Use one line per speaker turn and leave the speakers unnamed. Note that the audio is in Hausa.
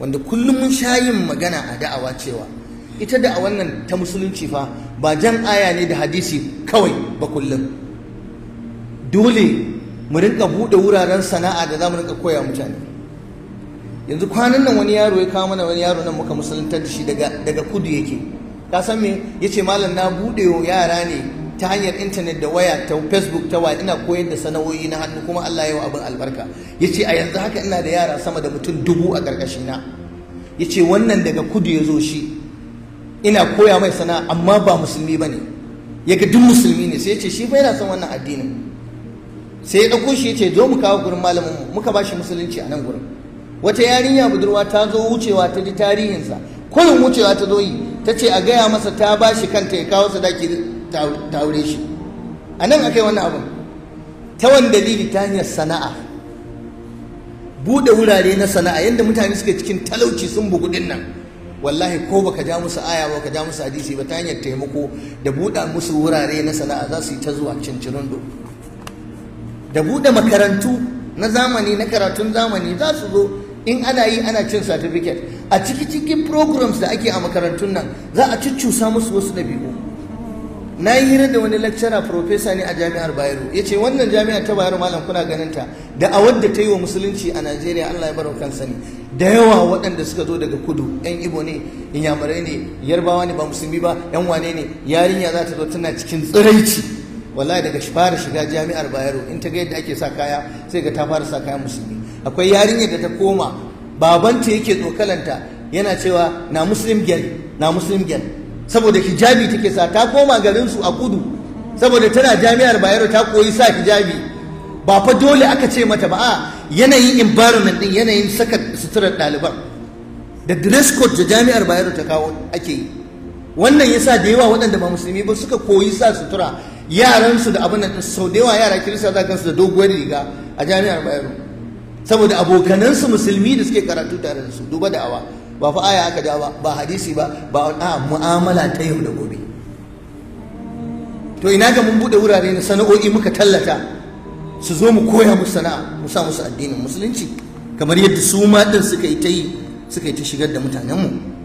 wanda kullum mun sha yin magana a da'awa cewa ita a wannan ta musulunci fa ba jan aya ne da hadisi kawai ba kullum dole mu rinka buɗe wuraren sana'a da za mu rinka koya mutane yanzu kwanan nan wani yaro ya kawo mana wani yaro nan muka musuluntar da shi daga kudu yake ka san me yace malam na buɗe yara ne ta hanyar intanet da waya ta facebook ta waya ina koyar da sana'o'i na hannu kuma Allah yau abin albarka ya ce a yanzu haka ina da yara sama da mutum dubu a ƙarƙashina ya ce wannan daga kudu ya zo shi ina koya mai sana'a amma ba musulmi ba ne ya ga duk musulmi ne sai ya ce shi bai na son wannan addinin sai ya ɗauko shi ya ce zo mu kawo gurin malamin muka ba shi musulunci a nan gurin wata yarinya budurwa ta zo wucewa ta ji tarihinsa kullum wucewa ta zo yi ta ce a gaya masa ta ba shi kanta ya kawo sadaki ta aure shi a nan aka yi wannan abin ta wani dalili ta hanyar sana'a buɗe wurare na sana'a yadda mutane suke cikin talauci sun bugu din nan wallahi ko baka ja musu aya ba ka ja musu hadisi ba ta hanyar taimako da buɗa musu wurare na sana'a za su yi ta zuwa do. da buɗe makarantu na zamani na karatun zamani za su zo in ana yi ana cin certificate a ciki cikin programs da ake a makarantun nan za a cuccusa musu wasu dabi'u. na yi hira da wani lecturer professor ne a jami'ar bayero ya ce wannan jami'ar ta bayero malam kuna ganin ta da a wadda ta yi wa musulunci a najeriya allah ya baro kan sani. da yawa waɗanda suka zo daga kudu yan ibo ne inyamurai ne yarbawa ne ba musulmi ba yan wane ne yarinya za ta zo tana cikin tsiraici wallahi daga fara shiga jami'ar bayero in ta ga yadda ake sa kaya sai ga ta fara sa kayan musulmi akwai yarinyar da ta koma babanta yake tsokalanta yana cewa na muslim girl na muslim girl saboda hijabi take sa ta koma garin su a kudu saboda tana jami'ar Bayero ta koyi sa hijabi ba fa dole aka ce mata ba a yanayin environment din yanayin saka suturar ɗaliban da dress code da jami'ar Bayero ta kawo ake yi wannan yasa da yawa waɗanda ba musulmi ba suka koyi sa sutura yaransu da abin nan sau da yawa yara kirista za kansu da doguwar riga a jami'ar Bayero saboda abokanansu musulmi da suke karatu tare da su duba da awa ba fa aya aka ja ba ba hadisi ba ba a mu'amala ta yau da gobe to ina ga mun bude wurare na sana'o'i muka tallata su zo mu koya musu sana'a mu sa musu addinin musulunci kamar yadda su ma din suka yi ta yi suka yi ta shigar da mutanenmu mu